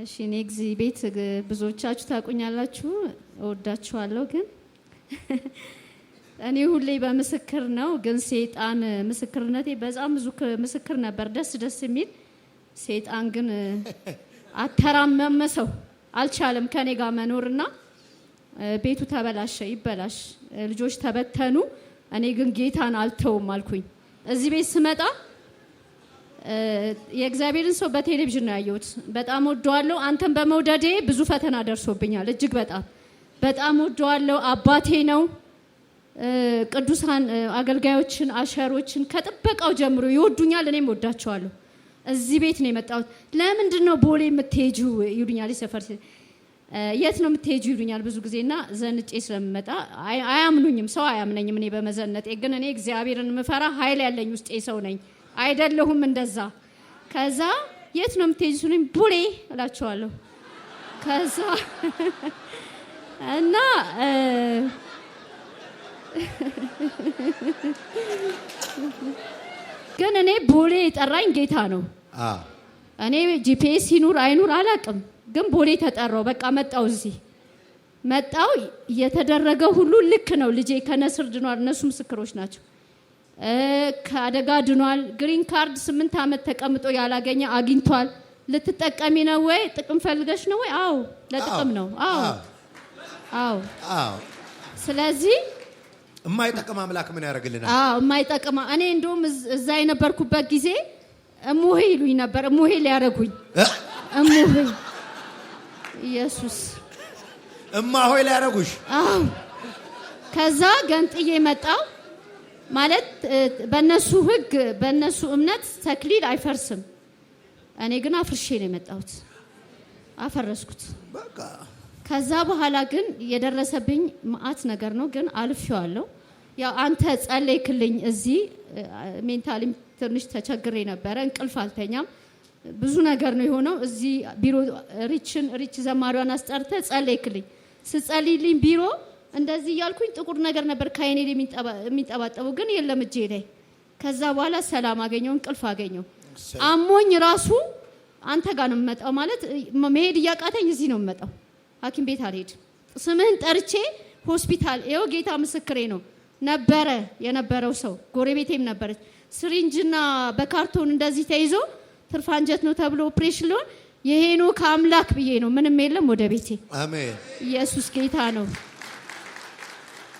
እሺ እኔ እግዚ ቤት ብዙዎቻችሁ ታቁኛላችሁ እወዳችኋለሁ። ግን እኔ ሁሌ በምስክር ነው። ግን ሴጣን ምስክርነቴ በጣም ብዙ ምስክር ነበር፣ ደስ ደስ የሚል ሴጣን ግን አተራመመሰው አልቻለም ከኔ ጋር መኖርና ቤቱ ተበላሸ። ይበላሽ ልጆች ተበተኑ። እኔ ግን ጌታን አልተውም አልኩኝ። እዚህ ቤት ስመጣ የእግዚአብሔርን ሰው በቴሌቪዥን ነው ያየሁት። በጣም ወደዋለሁ። አንተን በመውደዴ ብዙ ፈተና ደርሶብኛል። እጅግ በጣም በጣም ወደዋለሁ። አባቴ ነው። ቅዱሳን አገልጋዮችን፣ አሸሮችን ከጥበቃው ጀምሮ ይወዱኛል፣ እኔም ወዳቸዋለሁ። እዚህ ቤት ነው የመጣሁት። ለምንድን ነው ቦሌ የምትሄጁ ይሉኛል። ሰፈር የት ነው የምትሄጁ ይሉኛል ብዙ ጊዜ እና ዘንጬ ስለምመጣ አያምኑኝም። ሰው አያምነኝም እኔ በመዘነጤ። ግን እኔ እግዚአብሔርን ምፈራ ኃይል ያለኝ ውስጤ ሰው ነኝ። አይደለሁም እንደዛ። ከዛ የት ነው የምትሄጂው? እኔም ቡሌ እላቸዋለሁ። ከዛ እና ግን እኔ ቦሌ የጠራኝ ጌታ ነው። እኔ ጂፒኤስ ይኑር አይኑር አላውቅም፣ ግን ቦሌ ተጠራው። በቃ መጣው፣ እዚህ መጣው። የተደረገ ሁሉ ልክ ነው። ልጄ ከነስር ድኗል። እነሱ ምስክሮች ናቸው። ከአደጋ ድኗል። ግሪን ካርድ ስምንት ዓመት ተቀምጦ ያላገኘ አግኝቷል። ልትጠቀሚ ነው ወይ? ጥቅም ፈልገሽ ነው ወይ? አዎ፣ ለጥቅም ነው። አዎ፣ አዎ፣ አዎ። ስለዚህ የማይጠቅም አምላክ ምን ያደርግልናል? አዎ፣ የማይጠቅም እኔ እንደውም እዛ የነበርኩበት ጊዜ እሙሄ ይሉኝ ነበር። እሙሄ ሊያደርጉኝ እሙሄ ኢየሱስ እማሆይ ሊያደርጉሽ። ከዛ ገንጥዬ መጣው ማለት በእነሱ ህግ በእነሱ እምነት ተክሊል አይፈርስም። እኔ ግን አፍርሼ ነው የመጣሁት፣ አፈረስኩት። ከዛ በኋላ ግን የደረሰብኝ መዓት ነገር ነው፣ ግን አልፌዋለሁ። ያው አንተ ጸለይክልኝ። እዚህ ሜንታሊም ትንሽ ተቸግሬ ነበረ፣ እንቅልፍ አልተኛም። ብዙ ነገር ነው የሆነው። እዚህ ቢሮ ሪችን ሪች ዘማሪዋን አስጠርተ ጸለይክልኝ። ስጸልይልኝ ቢሮ እንደዚህ እያልኩኝ ጥቁር ነገር ነበር ከአይኔ የሚንጠባጠበው፣ ግን የለም እጄ ላይ። ከዛ በኋላ ሰላም አገኘው፣ እንቅልፍ አገኘው። አሞኝ ራሱ አንተ ጋር ነው የምመጣው ማለት መሄድ እያቃተኝ እዚህ ነው የምመጣው፣ ሐኪም ቤት አልሄድ ስምህን ጠርቼ ሆስፒታል ይኸው፣ ጌታ ምስክሬ ነው ነበረ የነበረው ሰው ጎረቤቴም ነበረች። ስሪንጅና በካርቶን እንደዚህ ተይዞ ትርፍ አንጀት ነው ተብሎ ኦፕሬሽን ሊሆን ይሄኑ ከአምላክ ብዬ ነው ምንም የለም ወደ ቤቴ። አሜን። ኢየሱስ ጌታ ነው።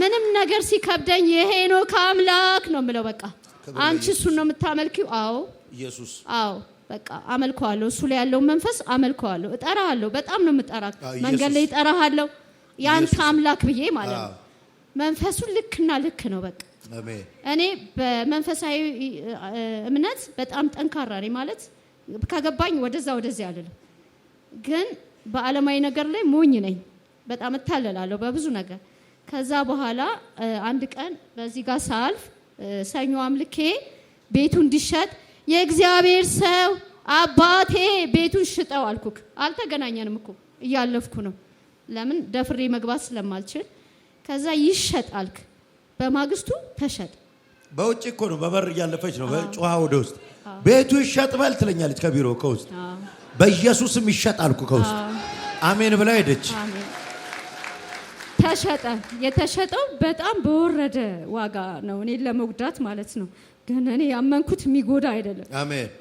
ምንም ነገር ሲከብደኝ የሄኖክ አምላክ ነው የምለው። በቃ አንቺ እሱን ነው የምታመልኪው? አዎ ኢየሱስ። አዎ በቃ አመልከዋለሁ። እሱ ላይ ያለውን መንፈስ አመልከዋለሁ። እጠራሃለሁ። በጣም ነው የምጠራ። መንገድ ላይ እጠራሃለሁ፣ የአንተ አምላክ ብዬ ማለት ነው። መንፈሱ ልክና ልክ ነው በቃ እኔ በመንፈሳዊ እምነት በጣም ጠንካራ ነኝ ማለት ከገባኝ ወደዛ ወደዚያ አልልም። ግን በዓለማዊ ነገር ላይ ሞኝ ነኝ፣ በጣም እታለላለሁ በብዙ ነገር ከዛ በኋላ አንድ ቀን በዚህ ጋር ሳልፍ ሰኞ አምልኬ ቤቱ እንዲሸጥ የእግዚአብሔር ሰው አባቴ ቤቱን ሽጠው አልኩክ። አልተገናኘንም እኮ እያለፍኩ ነው፣ ለምን ደፍሬ መግባት ስለማልችል። ከዛ ይሸጥ አልክ። በማግስቱ ተሸጥ። በውጭ እኮ ነው፣ በበር እያለፈች ነው ጮሃ ወደ ውስጥ ቤቱ ይሸጥ በል ትለኛለች። ከቢሮ ከውስጥ በኢየሱስም ይሸጥ አልኩ። ከውስጥ አሜን ብላ ሄደች። ተሸጠ። የተሸጠው በጣም በወረደ ዋጋ ነው፣ እኔን ለመጉዳት ማለት ነው። ግን እኔ ያመንኩት የሚጎዳ አይደለም።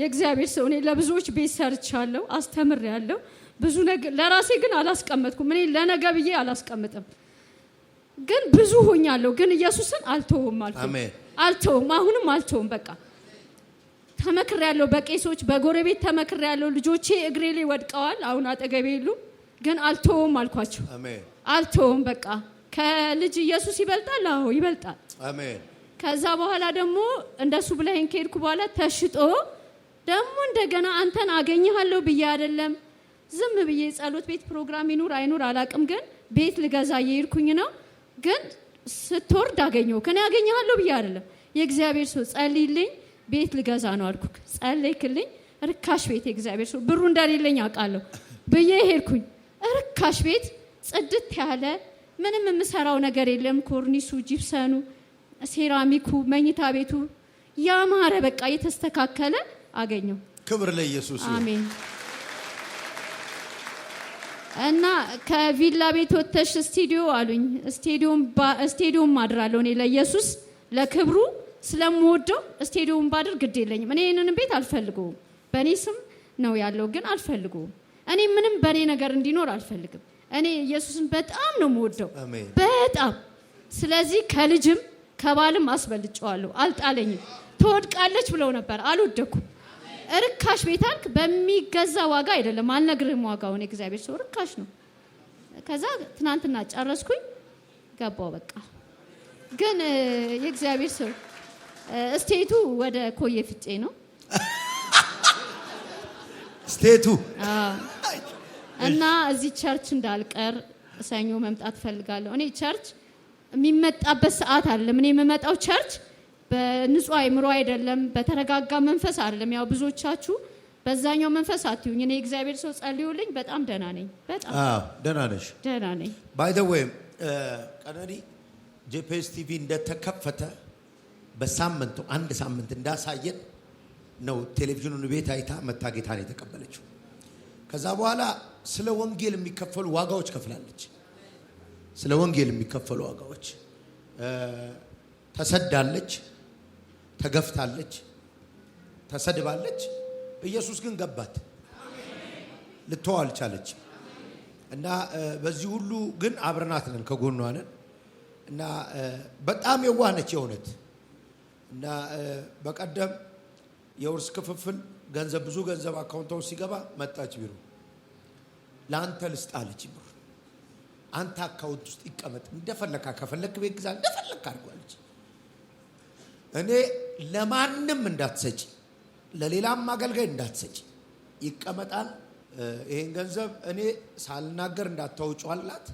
የእግዚአብሔር ሰው እኔ ለብዙዎች ቤት ሰርቻለሁ፣ አስተምሬያለሁ። ብዙ ነገር ለራሴ ግን አላስቀመጥኩም። እኔ ለነገ ብዬ አላስቀምጥም። ግን ብዙ ሆኛለሁ። ግን ኢየሱስን አልተውም አልተውም፣ አሁንም አልተውም። በቃ ተመክር ያለው በቄሶች በጎረቤት ያለው ልጆቼ እግሬ ላይ ወድቀዋል፣ አሁን አጠገቤ የሉም። ግን አልተውም አልኳቸው። አልተውም። በቃ ከልጅ ኢየሱስ ይበልጣል። አዎ ይበልጣል። አሜን። ከዛ በኋላ ደግሞ እንደሱ ብለህን ከሄድኩ በኋላ ተሽጦ ደግሞ እንደገና አንተን አገኘሃለሁ ብዬ አይደለም ዝም ብዬ ጸሎት ቤት ፕሮግራም ይኑር አይኑር አላቅም፣ ግን ቤት ልገዛ እየሄድኩኝ ነው። ግን ስትወርድ አገኘሁ። ከኔ አገኘሃለሁ ብዬ አይደለም የእግዚአብሔር ሰው ጸልይልኝ፣ ቤት ልገዛ ነው አልኩክ። ጸለይክልኝ። ርካሽ ቤት የእግዚአብሔር ሰው ብሩ እንደሌለኝ አውቃለሁ ብዬ ሄድኩኝ። ርካሽ ቤት ጽድት ያለ ምንም የምሰራው ነገር የለም። ኮርኒሱ፣ ጂፕሰኑ፣ ሴራሚኩ፣ መኝታ ቤቱ ያማረ በቃ የተስተካከለ አገኘው። ክብር ለኢየሱስ አሜን። እና ከቪላ ቤት ወጥተሽ ስቱዲዮ አሉኝ። ስቱዲዮም አድራለሁ እኔ ለኢየሱስ ለክብሩ ስለምወደው ስቱዲዮም ባድር ግድ የለኝም። እኔ ይህንን ቤት አልፈልገውም። በእኔ ስም ነው ያለው፣ ግን አልፈልገውም። እኔ ምንም በእኔ ነገር እንዲኖር አልፈልግም። እኔ ኢየሱስን በጣም ነው የምወደው በጣም ስለዚህ ከልጅም ከባልም አስበልጨዋለሁ። አልጣለኝም። ትወድቃለች ብለው ነበር፣ አልወደኩም። እርካሽ ቤት አልክ በሚገዛ ዋጋ አይደለም፣ አልነግርህም ዋጋውን። እግዚአብሔር ሰው እርካሽ ነው። ከዛ ትናንትና ጨረስኩኝ፣ ገባው በቃ። ግን የእግዚአብሔር ሰው እስቴቱ ወደ ኮየ ፍጬ ነው ስቴቱ እና እዚህ ቸርች እንዳልቀር ሰኞ መምጣት ፈልጋለሁ። እኔ ቸርች የሚመጣበት ሰዓት አለም። እኔ የምመጣው ቸርች በንጹህ አይምሮ አይደለም፣ በተረጋጋ መንፈስ አለም። ያው ብዙዎቻችሁ በዛኛው መንፈስ አትዩኝ። እኔ እግዚአብሔር ሰው ጸልዩልኝ። በጣም ደህና ነኝ። በጣም ደህና ነሽ? ደህና ነኝ። ባይ ዘ ዌይ ቀነኒ ጄፒኤስ ቲቪ እንደተከፈተ በሳምንቱ አንድ ሳምንት እንዳሳየን ነው ቴሌቪዥኑን ቤት አይታ መታጌታ ነው የተቀበለችው። ከዛ በኋላ ስለ ወንጌል የሚከፈሉ ዋጋዎች ከፍላለች። ስለ ወንጌል የሚከፈሉ ዋጋዎች ተሰዳለች፣ ተገፍታለች፣ ተሰድባለች። ኢየሱስ ግን ገባት፣ ልትተው አልቻለች እና በዚህ ሁሉ ግን አብረናት ነን፣ ከጎኗ ነን እና በጣም ነች የእውነት እና በቀደም የውርስ ክፍፍል ገንዘብ ብዙ ገንዘብ አካውንታው ሲገባ መጣች ቢሮ ለአንተ ልስጣ ልጅ ብር አንተ አካውንት ውስጥ ይቀመጥ እንደፈለካ ከፈለክ ቤት ግዛ እንደፈለክ ልጅ እኔ ለማንም እንዳትሰጪ፣ ለሌላም አገልጋይ እንዳትሰጪ ይቀመጣል። ይህን ገንዘብ እኔ ሳልናገር እንዳታውጫዋላት።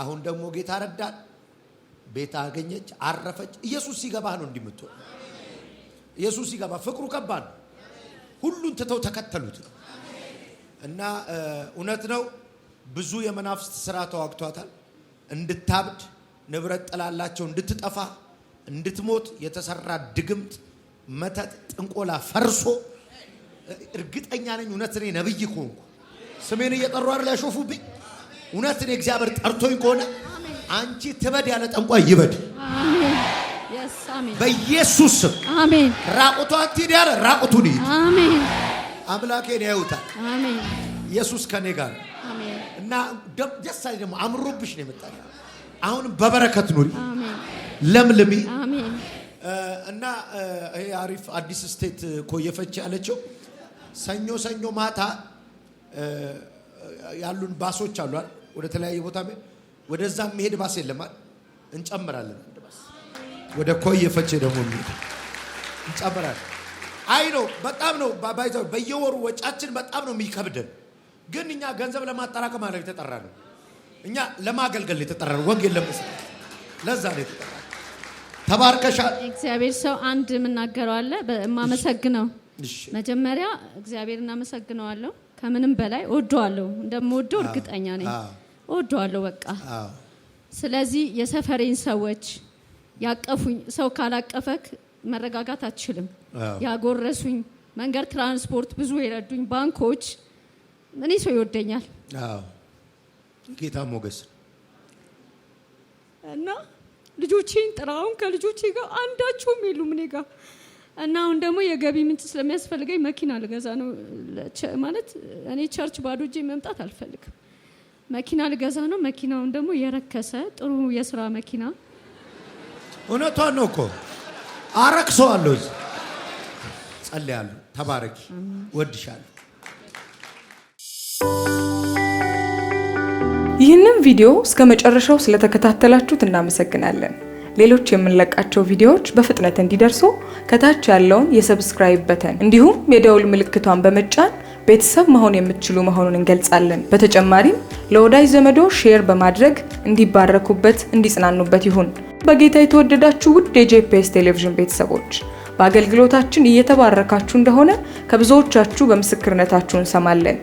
አሁን ደግሞ ጌታ ረዳል ቤት አገኘች፣ አረፈች። ኢየሱስ ሲገባ ነው እንዲምትሆ ኢየሱስ ሲገባ ፍቅሩ ከባድ ነው። ሁሉን ትተው ተከተሉት ነው እና እውነት ነው ብዙ የመናፍስት ስራ ተዋግቷታል። እንድታብድ ንብረት ጥላላቸው እንድትጠፋ እንድትሞት የተሰራ ድግምት፣ መተት፣ ጥንቆላ ፈርሶ እርግጠኛ ነኝ። እውነት እኔ ነብይ ከሆንኩ ስሜን እየጠሩ አይደል ያሾፉብኝ። እውነት እኔ እግዚአብሔር ጠርቶኝ ከሆነ አንቺ ትበድ ያለ ጠንቋይ ይበድ በኢየሱስ ስም። ራቁቷን ትሄድ ያለ ራቁቱን ይሂድ። አምላኬን ያዩታል። ኢየሱስ ከኔ ጋር እና ደስ አለኝ። ደግሞ አምሮብሽ ነው የመጣ አሁንም በበረከት ኑሪ፣ ለምልሚ እና ይሄ አሪፍ አዲስ ስቴት እኮ እየፈች ያለችው ሰኞ ሰኞ ማታ ያሉን ባሶች አሏል። ወደ ተለያየ ቦታ ወደዛ የሚሄድ ባስ የለማል። እንጨምራለን። ወደ ኮ እየፈቼ ደግሞ የሚሄድ እንጨምራለን። አይ ነው በጣም ነው ባይዘ በየወሩ ወጫችን በጣም ነው የሚከብደን። ግን እኛ ገንዘብ ለማጠራቀም አለ የተጠራ ነው። እኛ ለማገልገል የተጠራ ነው። ወንጌል ለመስራት ለዛ ነው የተጠራ። ተባርከሻል። እግዚአብሔር ሰው አንድ የምናገረው አለ በማመሰግነው መጀመሪያ እግዚአብሔር እናመሰግነዋለሁ። ከምንም በላይ እወደዋለሁ። እንደምወደው እርግጠኛ ነኝ። እወደዋለሁ በቃ። ስለዚህ የሰፈሬን ሰዎች ያቀፉኝ ሰው ካላቀፈክ መረጋጋት አትችልም። ያጎረሱኝ መንገድ፣ ትራንስፖርት፣ ብዙ የረዱኝ ባንኮች። እኔ ሰው ይወደኛል። ጌታ ሞገስ እና ልጆቼን ጥራውን ከልጆቼ ጋር አንዳቸውም የሉም እኔ ጋር እና አሁን ደግሞ የገቢ ምንጭ ስለሚያስፈልገኝ መኪና ልገዛ ነው። ማለት እኔ ቸርች ባዶ እጄ መምጣት አልፈልግም። መኪና ልገዛ ነው። መኪናውን ደግሞ የረከሰ ጥሩ የስራ መኪና እውነቷን ነው እኮ አረክሰዋለሁ። ጸልያለሁ። ተባረኪ። ወድሻለሁ። ይህንን ቪዲዮ እስከ መጨረሻው ስለተከታተላችሁት እናመሰግናለን። ሌሎች የምንለቃቸው ቪዲዮዎች በፍጥነት እንዲደርሱ ከታች ያለውን የሰብስክራይብ በተን እንዲሁም የደውል ምልክቷን በመጫን ቤተሰብ መሆን የምትችሉ መሆኑን እንገልጻለን። በተጨማሪም ለወዳጅ ዘመዶ ሼር በማድረግ እንዲባረኩበት፣ እንዲጽናኑበት ይሁን። በጌታ የተወደዳችሁ ውድ የጄፒኤስ ቴሌቪዥን ቤተሰቦች በአገልግሎታችን እየተባረካችሁ እንደሆነ ከብዙዎቻችሁ በምስክርነታችሁ እንሰማለን።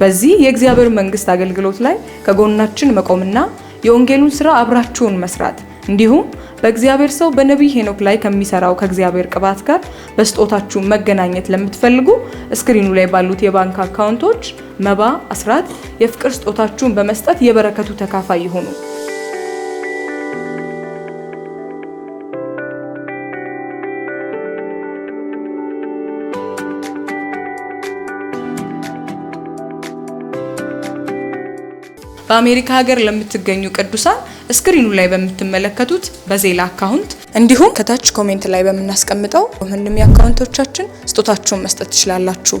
በዚህ የእግዚአብሔር መንግስት አገልግሎት ላይ ከጎናችን መቆምና የወንጌሉን ስራ አብራችሁን መስራት እንዲሁም በእግዚአብሔር ሰው በነቢይ ሄኖክ ላይ ከሚሰራው ከእግዚአብሔር ቅባት ጋር በስጦታችሁ መገናኘት ለምትፈልጉ እስክሪኑ ላይ ባሉት የባንክ አካውንቶች መባ፣ አስራት፣ የፍቅር ስጦታችሁን በመስጠት የበረከቱ ተካፋይ ይሁኑ። በአሜሪካ ሀገር ለምትገኙ ቅዱሳን ስክሪኑ ላይ በምትመለከቱት በዜላ አካውንት እንዲሁም ከታች ኮሜንት ላይ በምናስቀምጠው ምንም አካውንቶቻችን ስጦታችሁን መስጠት ትችላላችሁ።